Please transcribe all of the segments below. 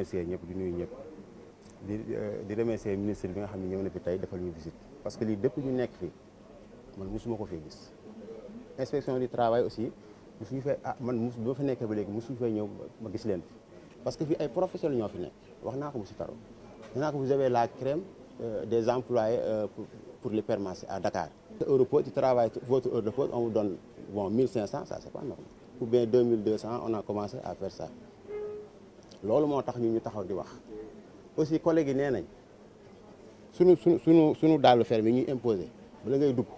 remercier ñëpp di nuyu ñëpp di euh, di remercier ministre bi nga xam ne ñëw na fi tey defal ñu visite parce que lii dëpp ñu nekk fi man mosuma ko fee gis inspection du travail aussi musuñu fee ah man mos ba fa nekkee ba léegi musuñu fee ñëw ma gis leen parce que fii ay professionnels ñoo fi nekk wax naa ko monsieur Taro danaa ko vous la crème euh, des employés euh, pour les permanences à Dakar. heure de pause tu travailles votre heure de pause on vous donne bon 1500 ça c'est pas normal ou bien a loolu moo tax ñu ñu taxaw di wax aussi collègue yi nee nañ sunu sunu sunu sunu daalu fer bi ñuy imposé bala ngay dugg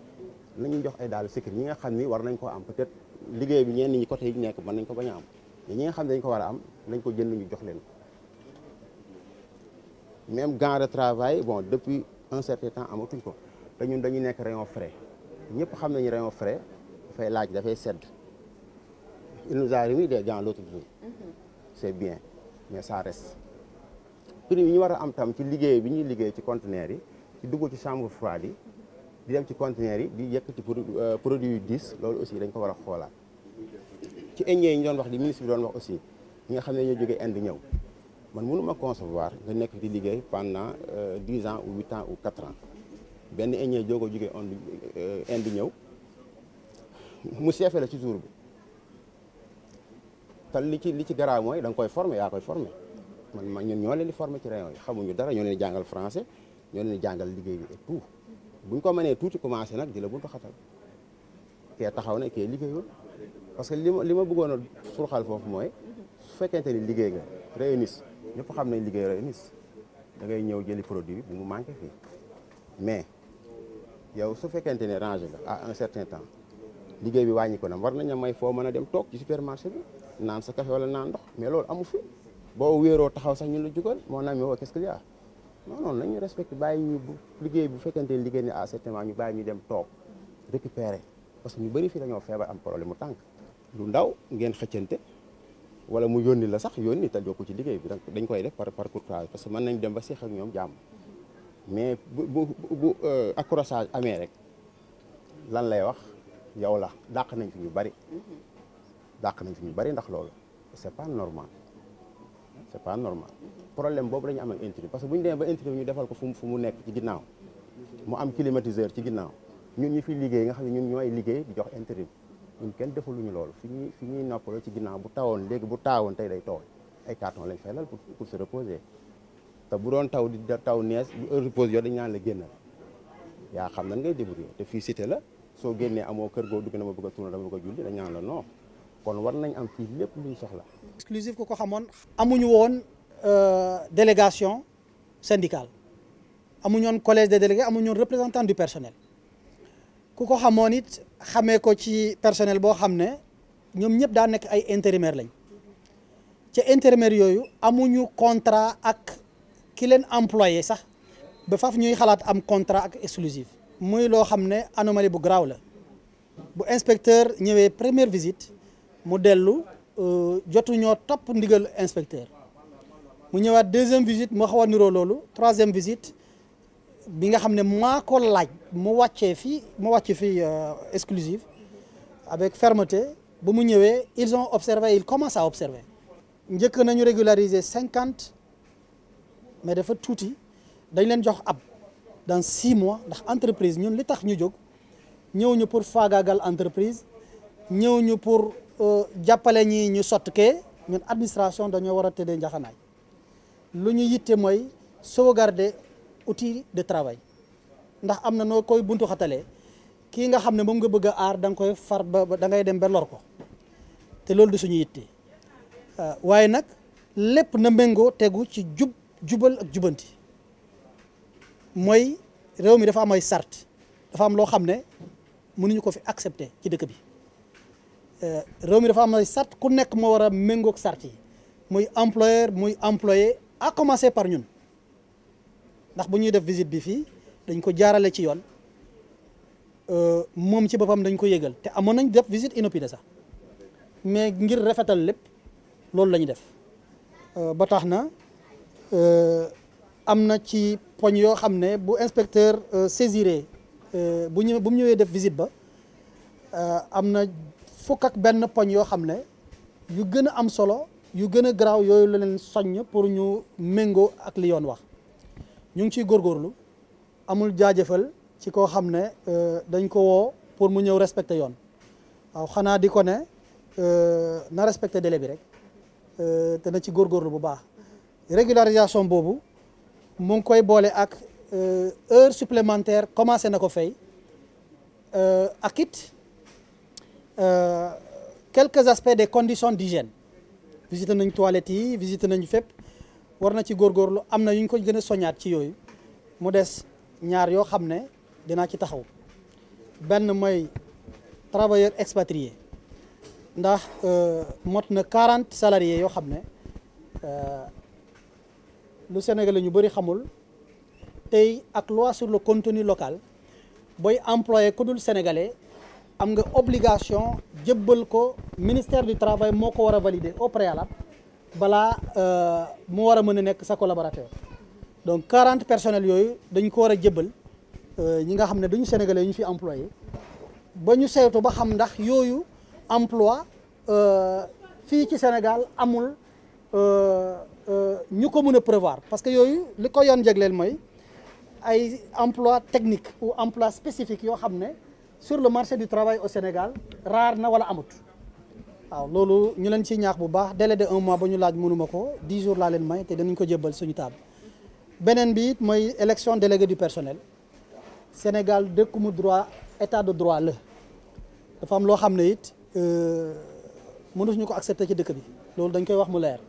nañu jox ay daalu sécurité ñi nga xam ni war nañ ko am peut-être liggéey bi ñenn ñi côté yi nekk mën nañ ko bañ a am ñi nga xam ne dañ ko war am nañ ko jënd ñu jox leen ko même gants de travail bon depuis un certain temps amatuñ ko te ñun dañu nekk rayon frais ñëpp xam nañu rayon frais fay laaj dafay sedd il nous a remis des gants l'autre jour mm-hmm. c'est bien mais ça reste prix yi ñu war a am tam ci liggéey bi ñuy liggéey ci conteneur yi ci dugg ci chambre froide yi di dem ci conteneur yi di yëkk ci euh, produit yu diis loolu aussi dañ ko war a xoolaat ci indien yi ñu doon wax di ministre doon wax aussi ñi nga xam ne ñoo jógee Inde ñëw man mënu ma concevoir nga nekk di liggéey pendant euh, dix ans ou huit ans ou quatre ans benn indien jógoo jógee euh, Inde ñëw mu seefe la ci jour bi te li ci li ci garaaw mooy da nga koy former yaa koy former man ma ñun ñoo leen di former ci rayon yi xamuñu dara ñoo leen di jàngal francais ñoo leen di jàngal liggéey bi et tout buñ ko mënee tuuti commencé nag di la buntu xatal kee taxaw na kee liggéeyul parce que li ma li ma bëggoon a surxal foofu mooy su fekkente ni liggéey nga réunis ñëpp xam nañ liggéey réunis da ngay ñëw jëli produit bi mu manqué fii mais yow su fekkente ne rangé nga à un certain temps liggéey bi wàññi ko nam war nañ a may foo mën a dem toog ci supermarché bi naan sa kafe wala naan ndox mais loolu amu fi boo wéeroo taxaw sax ñu la jugal moo naa mi woo oh, qu'est-ce qu'il y a non non nañu bàyyi ñu bu liggéey bu fekkente ne liggéey ni à ah, certainement ñu bàyyi ñu dem toog récupérer parce que ñu bëri fii dañoo feebar am problème mu tànk lu ndaw ngeen xëccante wala mu yónni la sax yónni te jokku ci liggéey bi donc dañ koy def par par courtoisie parce que mën nañ dem ba seex ak ñoom jàmm mais bu bu bu euh, accrochage amee rek lan lay wax yow la dàq nañ fi ñu bëri dàq nañ fi ñu bari ndax loolu c'est pas normal c'est pas normal problème boobu lañu ñu am ak intérieur que bu ñu demee ba ñu defal ko fu mu fu nekk ci ginnaaw mu am climatiseur ci ginnaaw ñun ñu fi liggéey nga xam ne ñun ñooy liggéey jox intérim ñun kenn defaluñu loolu fi ñuy fi ñuy noppaloo ci ginnaaw bu tawoon léegi bu taawoon tey day tooy ay carton lal pour se te bu doon taw di taw nees bu repose yoo dañ naan la génnal yaa xam nan ngay débrouiller te fii cité la soo génnee amoo kër goo dugg na ma bëgg a tourner dama bëgg a julli dañ naan la non kon war nañ am fii lépp luñ soxla. exclusive ku ko xamoon. amuñu woon euh, délégation syndicale amuñu woon collège des délégués amuñu woon représentant du personnel ku ko xamoon it xamee ko ci personnel boo xam ne ñoom ñëpp daa nekk ay intérimaire lañ ci intérimaire yooyu amuñu contrat ak ki leen employé sax ba faf ñuy xalaat am contrat ak exclusive muy loo xam ne anomalie bu garaaw la bu inspecteur ñëwee première visite. mu dellu euh, jotuñoo topp ndigal inspecteur mu ñëwaat deuxième visite mu xaw a loolu troisième visite bi nga xam ne maa ko laaj mu wàccee fii mu wàcc fii euh, exclusive avec fermeté ba mu ñëwee ils ont observé ils commencent à observer njëkk nañu régulariser cinquante mais dafa tuuti dañ leen jox ab dans six mois ndax entreprise ñun li tax ñu jóg ñëw ñu pour faagaagal entreprise ñëw ñu pour Euh, jàppale ñi ñu sottee ñun administration dañoo war a tëddee njaxanaay lu ñu yitte mooy sauvegarder outil de travail ndax am na noo koy buntu xatalee kii nga xam ne moom nga bëgg a aar danga koy far ba dangay dem ba lor ko te loolu du suñu yitte euh, waaye nag lépp na méngoo tegu ci jub jubal ak jubanti mooy réew mi dafa am sart dafa am loo xam ne mënuñu ko fi accepter ci dëkk bi. Euh, réew mi dafa am ay sart ku nekk moo war a méngoog sart yi muy employeur muy employé à commencer par ñun ndax bu ñuy def visite bi fii dañ ko jaarale ci yoon euh, moom ci boppam dañ ko yëgal te amoon nañ def visite inopinée sax mais ngir rafetal lépp loolu la def euh, ba tax na am na ci poñ yoo xam ne bu inspecteur saisiré bu ñu bu ñëwee def visite ba am na fukk ak benn poñ yoo xam ne yu gën a am solo yu gën a garaaw yooyu la leen soññ pour ñu méngoo ak li yoon wax ñu ngi ciy góorgóorlu amul jaajëfal ci koo xam ne euh, dañ ko woo pour mu ñëw respecter yoon waaw xanaa di ko ne euh, na respecter délai bi rek euh, te na ci góorgóorlu bu baax régularisation boobu mu ngi koy boole ak heure supplémentaire commencé na ko fay ak it Euh, quelques aspects des conditions d'hygiène visité nañ toilettes yi visité nañu fépp war na ci lu am na yu ñu ko gën a soñaat ci yooyu mu des ñaar yoo xam ne dinaa ci taxaw benn mooy travailleur expatrié ndax euh, mot na quarante salariés yoo xam ne euh, lu Sénégal ñu bëri xamul tey ak loi sur le continue locale booy employé ku dul sénégalais am nga obligation jëbbal ko ministère du travail moo ko war a valider au préalable balaa euh, mu war a mën a nekk sa collaborateur donc quarante personnels yooyu dañu ko war a jëbbal euh, ñi nga xam ne dañu sénégalais ñu fi employé ba ñu saytu ba xam ndax yooyu emploi euh, fii ci Sénégal amul ñu ko mën a prévoir parce que yooyu li ko yoon jagleel mooy ay emploi technique ou emploi spécifique yoo xam ne sur le marché du travail au Sénégal raar na wala amut waaw loolu ñu leen ciy ñaax bu baax délai de un mois ba ñu laaj mënuma ko 10 jours laa leen may te danañ ko jébbal suñu table beneen bi it mooy élection délégué du personnel Sénégal dëkku mu droit état de droit la dafa am loo xam ne it euh, mënuñu ko accepter ci dëkk bi loolu dañ koy wax mu leer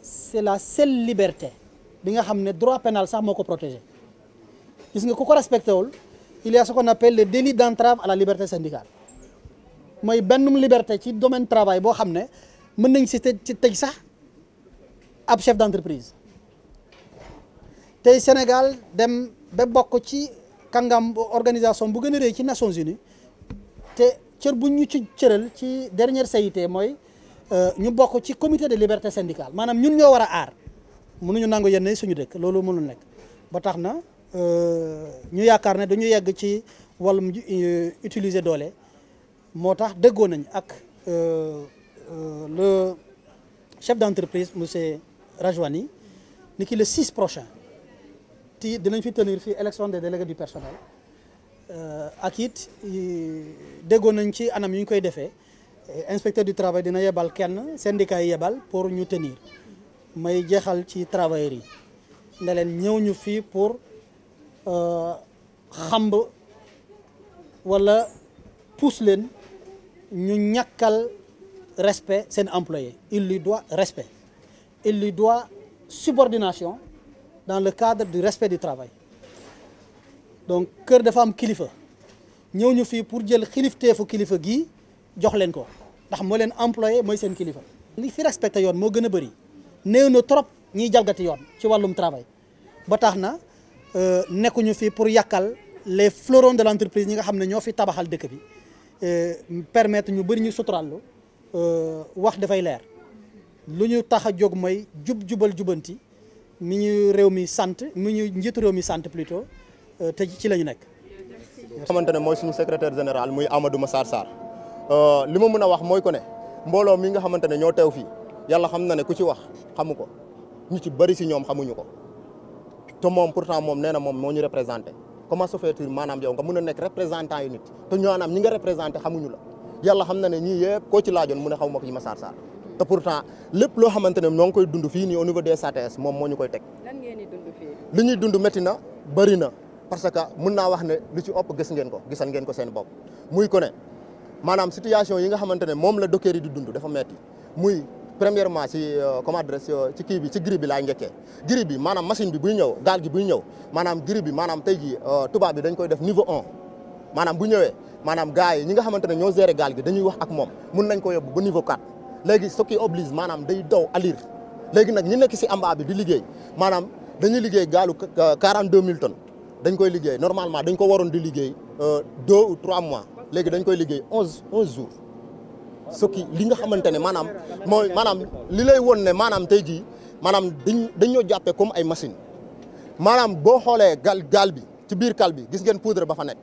c'est la seule liberté bi nga xam ne droit pénal sax moo ko protégé gis nga ku ko respecté wul il y a ce qu'on appelle le délit d'entrave à la liberté syndicale mooy bennum liberté ci domaine travail boo xam ne mën nañ si ci tëj sax ab chef d'entreprise tey Sénégal dem ba bokk ci kàngam organisation bu gën a rëy ci Nations Unies te cër bu ñu ci cëral ci dernière CIT mooy euh, ñu bokk ci commité de liberté syndicale maanaam ñun ñoo war a aar mënuñu nangu yenn suñu dëkk loolu mënul nekk ba tax na Euh, ñu yaakaar ne dañu yegg ci wàllum euh, utiliser doole moo tax déggoo nañ ak euh, le chef d'entreprise monsieur Rajwani ni ki le six prochain ti dinañ fi tenir fii élection des délégués du personnel ak it déggoo nañ ci anam yu koy defee inspecteur du travail dina yebal kenn syndicat yi yebal pour ñu tenir may jeexal ci travailleurs yi ne ñëw ñu fii pour Euh, xamb wala puus leen ñu ñàkkal respect seen employé il lui doit respect il lui doit subordination dans le cadre du respect du travail donc kër dafa am kilifa ñëw ñu fii pour jël xilifteefu kilifa gii jox leen ko ndax moo leen employé mooy seen kilifa li fi respecté yoon moo gën a bëri néew na trop ñiy jalgati yoon ci wàllum travail ba tax na Euh, nekkuñu fi pour yàkkal les fleurons de l'entreprise ñi nga xam ne ñoo fi tabaxal dëkk bi euh, permettre ñu bëri ñu suturallu euh, wax dafay leer lu ñu tax a jóg moy jub jubal jubanti mi ñu réew mi sant mi ñu njiitu réew mi sant plutôt te ci la ñu nekk. xamante ne mooy suñu secretaire général muy Amadou Massar Sarr li ma mën a wax mooy ko ne mbooloo mi nga xamante ne ñoo teew fii yàlla xam na ne ku ci wax xamu ko ñu ci bëri si ñoom xamuñu ko. te moom pourtant moom nee na moom moo ñu représenté comment se fait-il maanaam yow nga mën a nekk représentant yu nit te ñoonaam ñi nga représenté xamuñu la yàlla xam na ne ñii yëpp koo ci laajoon mu ne xaw ma ko yi ma saar saar te pourtant lépp loo xamante ne ñoo ngi koy dund fii nii au niveau des SATS moom moo ñu koy teg. lan li ñuy dund métti na bëri na parce que mun naa wax ne lu ci ëpp gis ngeen ko gisan ngeen ko seen bopp muy ko ne maanaam situation yi nga xamante ne moom la docker di dund dafa métti muy. premièrement si euh, comment dire euh, ci kii bi ci grille bi laay njëkkee grille bi maanaam machine bi buy ñëw gaal gi buy ñëw maanaam grille bi maanaam tey jii euh, tubaab bi dañ koy def niveau un maanaam bu ñëwee maanaam gars yi ñi nga xamante ne ñoo gérer gaal gi dañuy wax ak moom mun nañ ko yóbbu ba niveau quatre léegi ce qui oblige maanaam day daw alir léegi nag ñi nekk si amba bi di liggéey maanaam dañuy liggéey gaalu 42 000 tonnes dañ koy liggéey normalement dañ ko waroon di liggéey deux ou trois mois léegi dañ koy liggéey onze onze jours sukki li nga xamante ne maanaam mooy maanaam li lay woon ne maanaam tey jii maanaam dañ dañoo jàppe comme ay machine maanaam boo xoolee gal gaal bi ci biir kal bi gis ngeen poudre ba fa nekk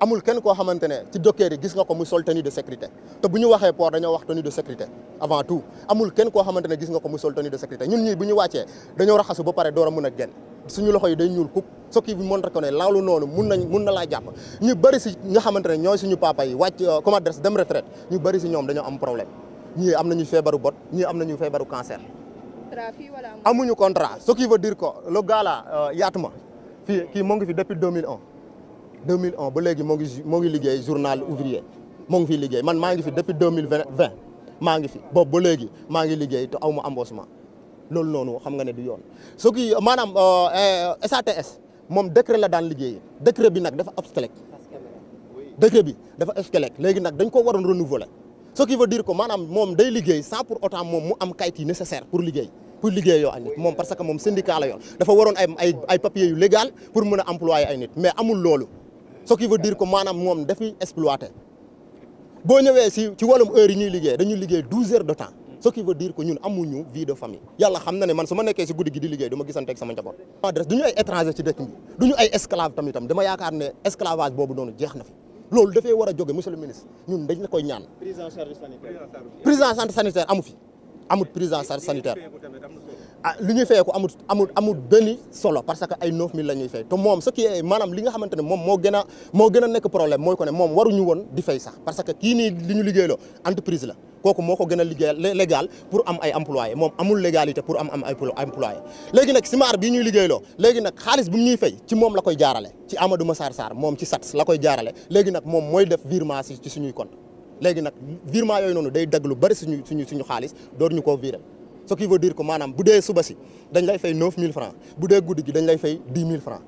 amul kenn koo xamante ne ci docteur yi gis nga ko mu sol tenue de sécurité te bu ñu waxee port dañoo wax tenue de sécurité avant tout amul kenn koo xamante ne gis nga ko muy sol tenue de sécurité ñun ñii bu ñu wàccee dañoo raxasu ba pare door a mun a génn suñu loxo yi day ñuul kuk ce qui montre que ne laalu noonu mun nañ mun na laa jàpp ñu bëri si nga xamante ne ñooy suñu papa yi wàcc euh, comment dire dem retraite ñu bëri si ñoom dañoo am problème ñii am nañu feebaru bot ñii am nañu feebaru cancer. ñu contrat ce qui veut dire que le gars là euh, ma fii kii moo ngi fi depuis 2001 2001 ba léegi moo ngi moo ngi liggéey journal ouvrier moo ngi fi liggéey man maa ngi fi depuis 2020 maa ngi fi boobu ba léegi ngi liggéey te aw ma embauchement loolu noonu xam nga ne du yoon ce qui maanaam SATS euh, euh, moom décret la daan liggéey décret bi nag dafa obsolète décret bi dafa obsolète léegi nag dañ ko waroon renouveler ce qui veut dire que maanaam moom day liggéey sans pour autant moom mu am kayit yi nécessaire pour liggéey pour liggéeyoo ak nit moom moom syndicat la yoon dafa waroon ay ay légal pour mën a employer ay nit mais amul loolu ce qui veut diir ko maanaam moom dafiy exploiter boo ñëwee si ci wàllum heure yi ñuy liggéey dañuy liggéey douze heures de temps ce qui veut dire que ñun amuñu vie famille yàlla xam na ne man su ma nekkee si guddi gi di liggéey du ma gisante sama njaboot du ñu ay étranger ci dëkk bi du ñu ay esclave tamitam dama yaakaar ne esclavage boobu noonu jeex na fi loolu dafay war a jóge monsieur ñun dañ koy ñaan prise en sanitaire amu fi amut prise en charge sanitaire ah li ñuy fayee ko amut amut amut solo parce que ay 9000 la ñuy fay te moom ce qui est maanaam li nga xamante ne moom moo gën a moo gën a nekk problème mooy ko ne moom waruñu woon di fay sax parce que kii nii li ñu liggéeyloo entreprise la kooku moo ko gën a liggéeyal légal pour am ay employé moom amul légalité pour am am ay employé léegi nag simaar bi ñuy liggéeyloo léegi nag xaalis bi ñuy fay ci moom la koy jaarale ci Amadou Massar Sarr moom ci SATS la koy jaarale léegi moom mooy def virement ci suñuy compte léegi nag virement yooyu noonu day dagg lu bari suñu suñu suñu xaalis door ñu ko virer ce qui veut dire que maanaam bu dee suba si dañ lay fay 9000 francs bu dee guddi gi dañ lay fay 10 000 francs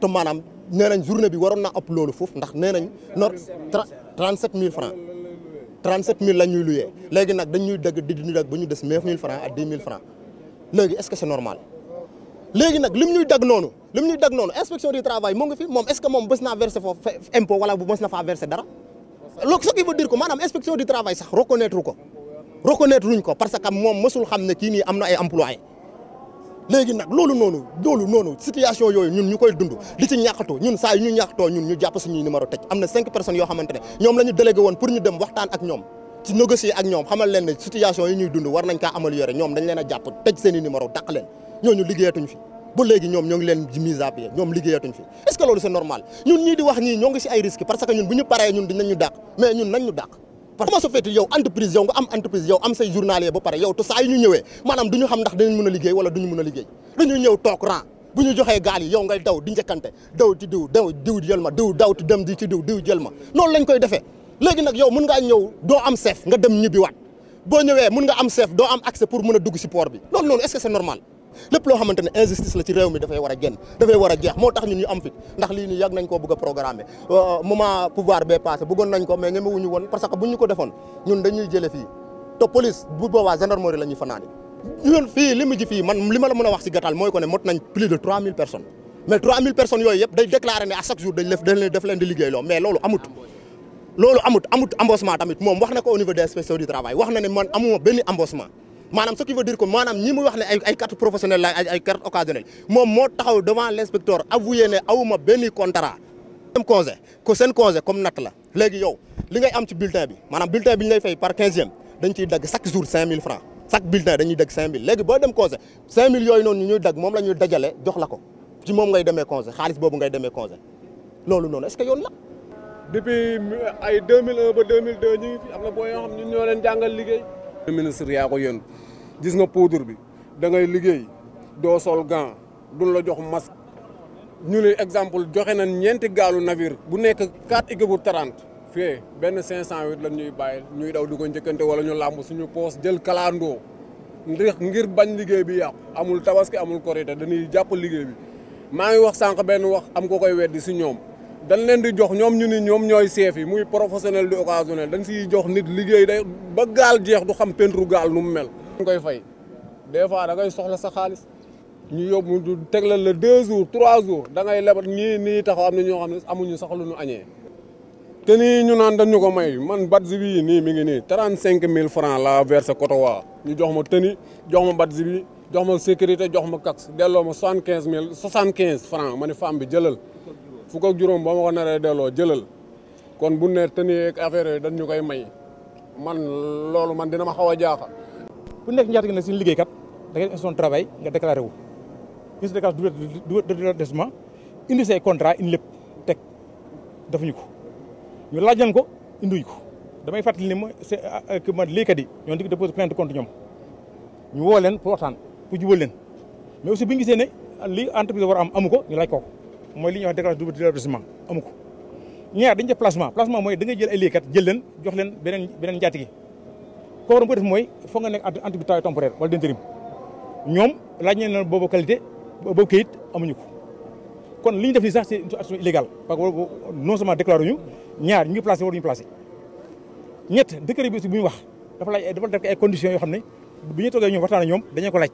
te maanaam nee nañ journée bi waroon na ëpp loolu foofu ndax nee nañ no 37000 francs 37000 la ñuy luyee léegi nag dañ ñuy dëgg di ñu ñu des 9000 francs ak 10000 francs léegi est-ce que c'est normal léegi nag lim ñuy dagg noonu lim ñuy dagg noonu inspection du travail moo ngi fi moom est-ce que moom bës na faa look ce qui veut dire que maanaam inspection du travail sax reconnaître ko reconnaître luñ ko parce que moom mësul xam ne kii nii am na ay employés léegi nag loolu noonu loolu noonu situation yooyu ñun ñu koy dund di ci ñàkkatu ñun saa yu ñu ñàkkatoo ñun ñu jàpp suñuy numéro tëj am na cinq personnes yoo xamante ne ñoom la ñu délégué woon pour ñu dem waxtaan ak ñoom ci négocier ak ñoom xamal leen ne situation yi ñuy dund war nañ kaa améliorer ñoom dañ leen a jàpp tëj seen i ñooñu liggéeyatuñ fi ba léegi ñoom ñoo ngi leen di mise à pied ñoom liggéeyatuñ fi est ce que loolu c'est normal ñun ñii di wax ñii ñoo ngi si ay risques parce que ñun bu ñu paree ñun dinañ ñu dàq mais ñun nañ ñu parce que comment se fait yow entreprise yow nga am entreprise yow am say journalier ba pare yow te saa ñu ñëwee maanaam du ñu xam ndax dinañ mën a liggéey wala duñu mën a liggéey dañuy ñëw toog rang bu ñu joxee gaal yi yow ngay daw di njëkkante daw ci di ci diw diw jël ma noonu lañ koy defee léegi nag yow mën ngaa ñëw doo am chef nga dem ñibbiwaat boo ñëwee mën nga am chef doo am accès si port bi loolu noonu est lépp loo xamante ne injustice la ci réew mi dafay war a génn dafay war a jeex moo tax ñun ñu am fit ndax lii nii yàgg nañ koo bëgg a programmer euh, moment pouvoir bee passé bëggoon nañ ko mais ñemewuñu woon parce que buñ ñu ko defoon ñun dañuy jële fii te police bu boobaa gendarmerie la fanaani fii li ji fii man li la mën a wax si gàttal mooy ko ne mot nañ plus de 3000 personnes mais 3000 personnes yooyu yëpp day déclaré ne à chaque jour dañ leen daf maanaam ce qui veut dire que maanaam ne ay carte professionnelle ay carte occasionnelle moom moo taxaw devant l' inspecteur ne awuma benn contrat ko seen congé comme natt la léegi yow li ngay am ci bulletin bi maanaam bulletin bi ñu lay fay par quinzième dañ ciy dagg chaque jour cinq mille francs chaque bulletin dañuy dagg cinq mille léegi boo dem congé cinq mille yooyu noonu ñuy dagg moom la dajale jox la ko ci moom ngay demee congé xaalis boobu ngay demee congé loolu noonu est euh, liggéey ministre yaa ko yónn gis nga poudre bi da ngay liggéey doo sol gant duñ la jox masque ñu ne exemple joxe na ñeenti gaalu navire bu nekk 4 équipe bu 30 fii benn 508 lan ñuy bàyyi ñuy daw di ko njëkkante wala ñu làmb suñu poos jël kalandoo ndax ngir bañ liggéey bi yàqu amul tabaski amul korite dañuy jàpp liggéey bi maa ngi wax sànq benn wax am ko koy weddi si ñoom. dañ leen di jox ñoom ñu ni ñoom ñooy chef yi muy professionnel di occasionnel dañ siy jox nit liggéey day ba gaal jeex du xam pentre gaal nu mu mel. dañ koy fay des fois da ngay soxla sa xaalis ñu yóbbu du teglal la deux jours trois jours da lebat ñii nii taxaw am na ñoo xam ne amuñu sax lu ñu añee. te nii ñu naan dañu ko may man bat si bii nii mi ngi nii trente cinq mille franc la versé Kotowa ñu jox ma tëni jox ma bat si bi jox ma sécurité jox ma kaks delloo ma soixante quinze mille soixante quinze franc man ne femme bi jëlal. fukk juróom boo ma ko naree delloo jëlal kon bu ne tenue ak affaire yooyu dañ ñu koy may man loolu man dina ma xaw a jaaxal. ku nekk ñaata gi si suñu liggéey kat da ngay def son travail nga déclaré wu. ministre de casse du redressement indi say contrat indi lépp teg defuñu ko ñu laaj nañ ko indiwuñu ko damay fàttali ni ma c'est euh, euh, man liggéeykat yi ñoo ngi déposé plainte contre ñoom ñu woo leen pour waxtaan pour jubal leen mais aussi bu ñu gisee a lii entreprise war am amu ko ñu laaj ko. mooy li ñuy wax déclaration double ba amu ko ñaar dañu def placement placement mooy da ngay jël ay liggéeykat jël leen jox leen beneen beneen njaati gi ko waroon ko def mooy foog nga nekk entre travail temporaire wala d'intérim ñoom laaj ñu ne boobu qualité boobu kayit amuñu ko kon li ñu def nii sax c'est une parce que non seulement déclaré ñaar ñu ngi placé waruñu placé ñett décret bi aussi bu ñu wax dafa laaj dafa ay conditions yoo xam ne bu ñu toogee ñoom waxtaan ak ñoom dañu ko laaj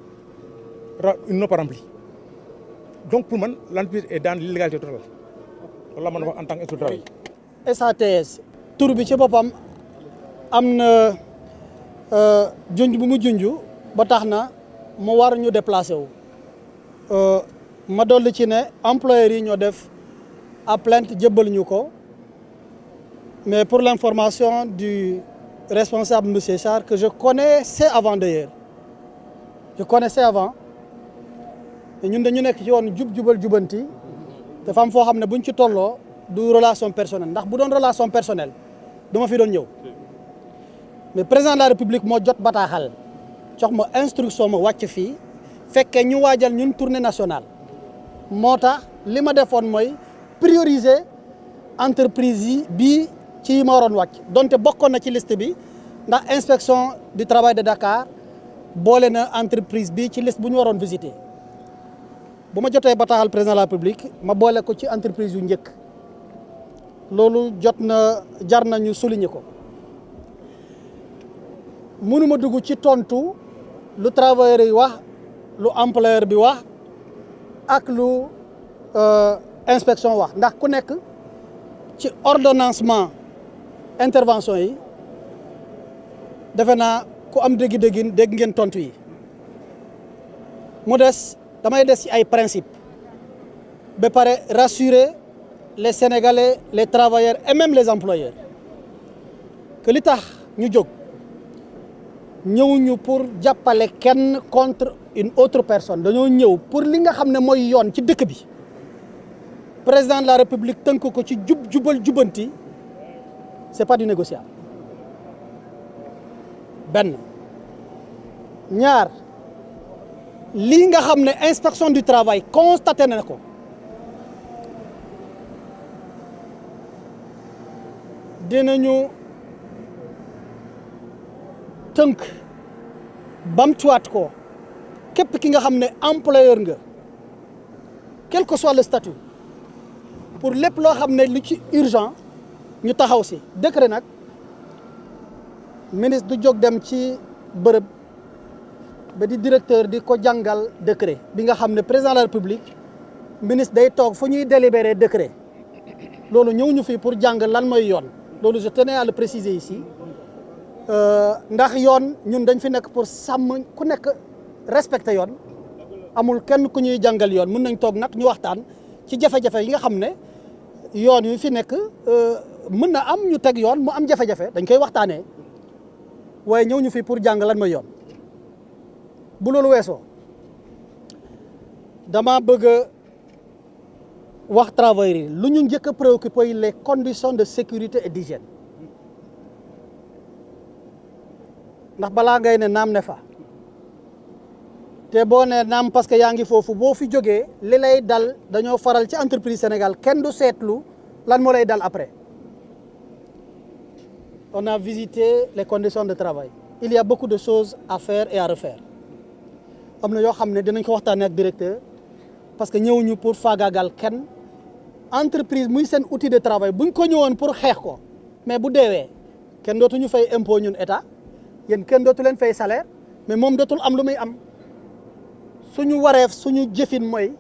non pas rempli donc pour man l'entreprise est dans l'illégalité totale loolu en tant que instructeur SATS tur bi ci boppam am na euh, junj bu mu junju ba tax na mu war ñu déplacé wu euh, ma dolli ci ne employeurs yi ñoo def à plainte jébbal ñu ko mais pour l'information du responsable monsieur Sarr que je connaissais avant d'ailleurs je connaissais avant te ñun dañu nekk ci yoon jub jubal jubanti dafa am foo xam ne buñ ci tolloo du relation personnelle ndax bu doon relation personnelle du ma fi doon ñëw mais président de la république moo jot bataaxal jox ma instruction ma wàcc fii fekkee ñu waajal ñun tournée nationale moo tax li ma defoon mooy prioriser entreprise yi bi ci yi ma waroon wàcc donte bokkoon na ci liste bi ndax inspection du travail de Dakar boole na entreprise bi ci liste bu ñu waroon visiter. bu ma jotee ba bataaxal président de la République ma boole ko ci entreprise yu njëkk loolu jot na jar na ñu souligner ko mënuma dugg ci tontu lu travailleur yi wax lu employeur bi wax ak lu euh, inspection wax ndax ku nekk ci ordonnancement intervention yi defe naa ku am dégg-déggin dégg ngeen tontu yi mu des damay des ci ay principe ba pare rassurer les sénégalais les travailleurs et même les employeurs que li tax ñu jóg ñëwuñu pour jàppale kenn contre une autre personne dañoo ñëw pour li nga xam ne mooy yoon ci dëkk bi président de la république tënk ko ci jub jubal jubanti c'est pas du négociable benn ñaar. lii nga xam ne inspection du travail constaté na ko dinañu tënk bamtuwaat ko képp ki nga xam ne employeur nga quel que soit le statut pour lépp loo xam ne lu ci urgent ñu taxaw si décret nag ministre du jog dem ci bërëb ba di directeur di ko jàngal décret bi nga xam ne président de la république ministre day toog fu ñuy délibérer décret loolu ñëw ñu fii pour jàng lan mooy yoon loolu je tenais à le préciser ici euh, ndax yoon ñun dañ fi nekk pour sàmm ku nekk respecter yoon amul kenn ku ñuy jàngal yoon mën nañ toog nag ñu waxtaan ci jafe-jafe yi nga xam ne yoon yu fi nekk euh, mën na am ñu teg yoon mu am jafe-jafe dañ koy waxtaanee waaye ñëw ñu fii pour jàng lan mooy yoon. bu loolu weesoo dama bëgg a wax travailleurs lu ñu njëkk a préoccupé les conditions de sécurité et d'hygiène ndax balaa ngay ne naam ne fa te boo nee naam parce que yaa ngi foofu boo fi jógee li lay dal dañoo faral ci entreprise Sénégal kenn du seetlu lan moo lay dal après on a visité les conditions de travail il y a beaucoup de choses à faire et à refaire am na yoo xam ne dinañ ko waxtaanee ak directeur parce que ñëwuñu pour faagaagal kenn entreprise muy seen outil de travail buñ ko ñëwoon pour xeex ko mais bu deewee kenn dootuñu fay impôt ñun état yéen kenn dootu leen fay salaire mais moom dootul am lu muy am suñu wareef suñu jëfin mooy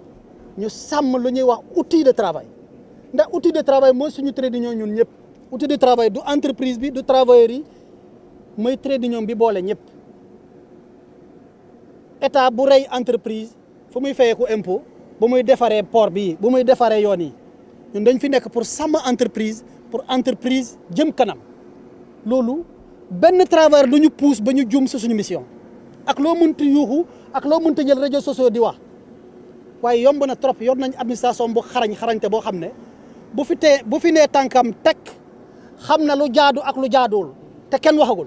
ñu sàmm lu ñuy wax uti de travail ndax outil de travail mooy suñu trait d'union ñun ñëpp outil de travail du entreprise bi du travailleur mooy trait d'union bi boole ñëpp. état bu rey entreprise fu muy fayeeku impôt bu muy defaree port bii bu muy defaree yoon yi ñun dañ fi nekk pour sàmm entreprise pour entreprise jëm kanam loolu benn travers lu ñu pousse ba ñu juum si suñu mission ak loo mënti yuuxu ak loo mënti jël réseaux sociaux di wax waaye yomb na trop yor nañ administration bu xarañ xarañte boo xam ne bu fi tee bu fi nee tànkam teg xam na lu jaadu ak lu jaaduwul te kenn waxagul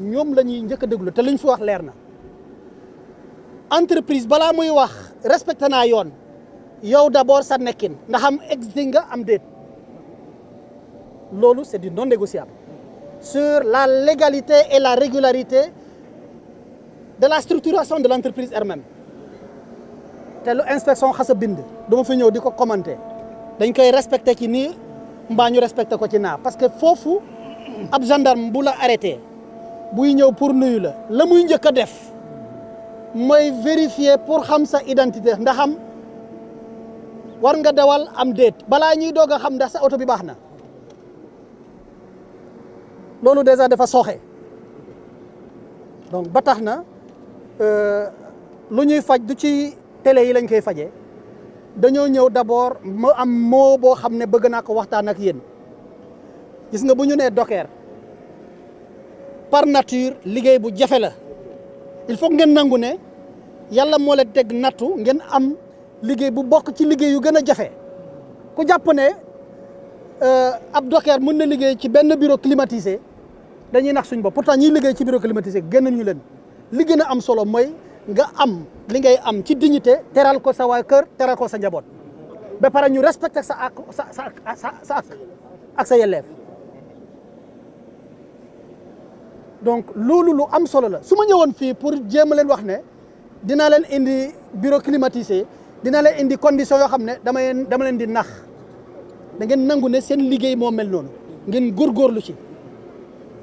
ñoom lañuy njëkk a déglu te lañ fi wax leer na. entreprise balaa muy wax respecté naa yoon yow d'abord sa nekkin ndaxam xam nga am déet loolu c'est du non négociable sur la légalité et la régularité de la structuration de l'entreprise elle-même te lu inspection xas a bind fi ñëw di ko commenter dañ koy respecté ci nii mbaa ñu respecté ko ci naa parce que foofu ab gendarme bu la arrêté buy ñëw pour nuyu la la muy njëkk a def mooy vérifier pour xam sa identité ndaxam war nga dawal am déet balaa ñuy doog a xam ndax sa oto bi baax na loolu déjà dafa sooxe donc ba tax na euh, lu ñuy faj du ci télé yi lañ koy faje dañoo ñëw d'abord mu am moo boo xam ne bëgg naa ko waxtaan ak yéen gis nga bu ñu nee docker par nature liggéey bu jafe la il faut ngeen nangu ne yàlla moo leen teg nattu ngeen am liggéey bu bokk ci liggéey yu gën a jafe ku jàpp ne euh, ab docker mën na liggéey ci benn bureau climatisé dañuy nax suñ bopp pourtant ñiy liggéey ci bureau climatisé génn ñu leen li gën am solo mooy nga am li ngay am ci dignité teral ko sa waa kër teral ko sa njaboot ba pare ñu respecté sa ak sa sa sa ak sa yelleef donc loolu lu am solo la su ma ñëwoon fii pour jéem a leen wax ne dinaa leen indi bureau climatisé dina leen indi condition yoo xam ne dama leen dama leen di nax da ngeen nangu ne seen liggéey moo mel noonu ngeen góorgóorlu ci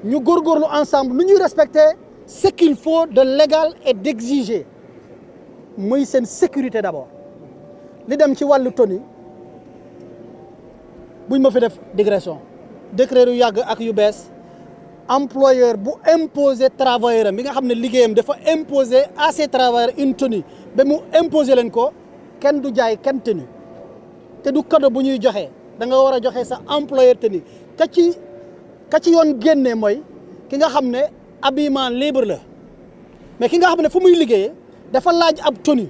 ñu góorgóorlu ensemble lu ñuy respecter ce qu'il faut de légal et d'exiger muy seen sécurité d'abord li dem ci wàllu toni buñ ma fi def digression décret yu yàgg ak yu bees employeur bu imposer travailleur am bi nga xam ne liggéeyam dafa imposer à ses travailleurs une tenue ba mu imposer leen ko kenn du jaay kenn tenue te du cadeau bu ñuy joxe da nga war a joxe sa employeur tenue ka ci ka ci yoon génne mooy ki nga xam ne habillement libre la mais ki nga xam ne fu muy liggéeyee dafa laaj ab tenue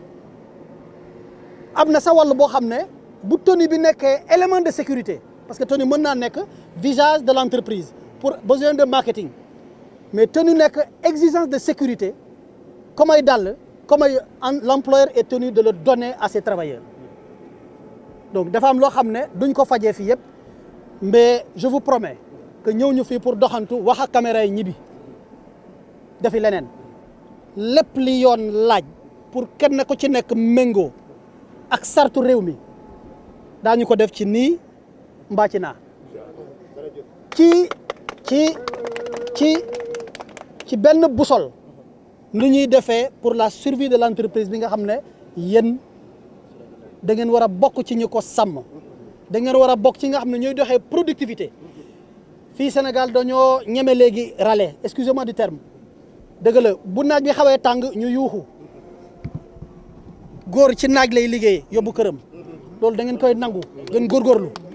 am na sa wàll boo xam ne bu tenue bi nekkee élément de sécurité parce que tenue mën naa nekk visage de l'entreprise pour besoin de marketing mais tenu nekk exigence de sécurité comme ay dàll comme ay l'employeur est tenu de le donner à ses donc dafa am loo xam ne duñ ko fajee fii yëpp mais je vous promets que ñëw ñu fii pour doxantu wax ak caméra yi ñibbi dafi leneen lépp li yoon laaj pour kenn ko ci nekk méngoo ak sartu réew mi daa ñu ko def ci nii mbaa ci naa ci ci ci ci benn busol nu ñuy defee pour la survie de l' entreprise bi nga xam ne yéen da ngeen war a bokk ci ñu ko sàmm da ngeen war a bokk ci nga xam ne ñooy doxee productivité fii Sénégal dañoo ñeme léegi rale excusez-moi du terme dëgg la bu naaj bi xawee tàng ñu yuuxu góor ci naaj lay liggéey yóbbu këram loolu da ngeen koy nangu ngeen góorgóorlu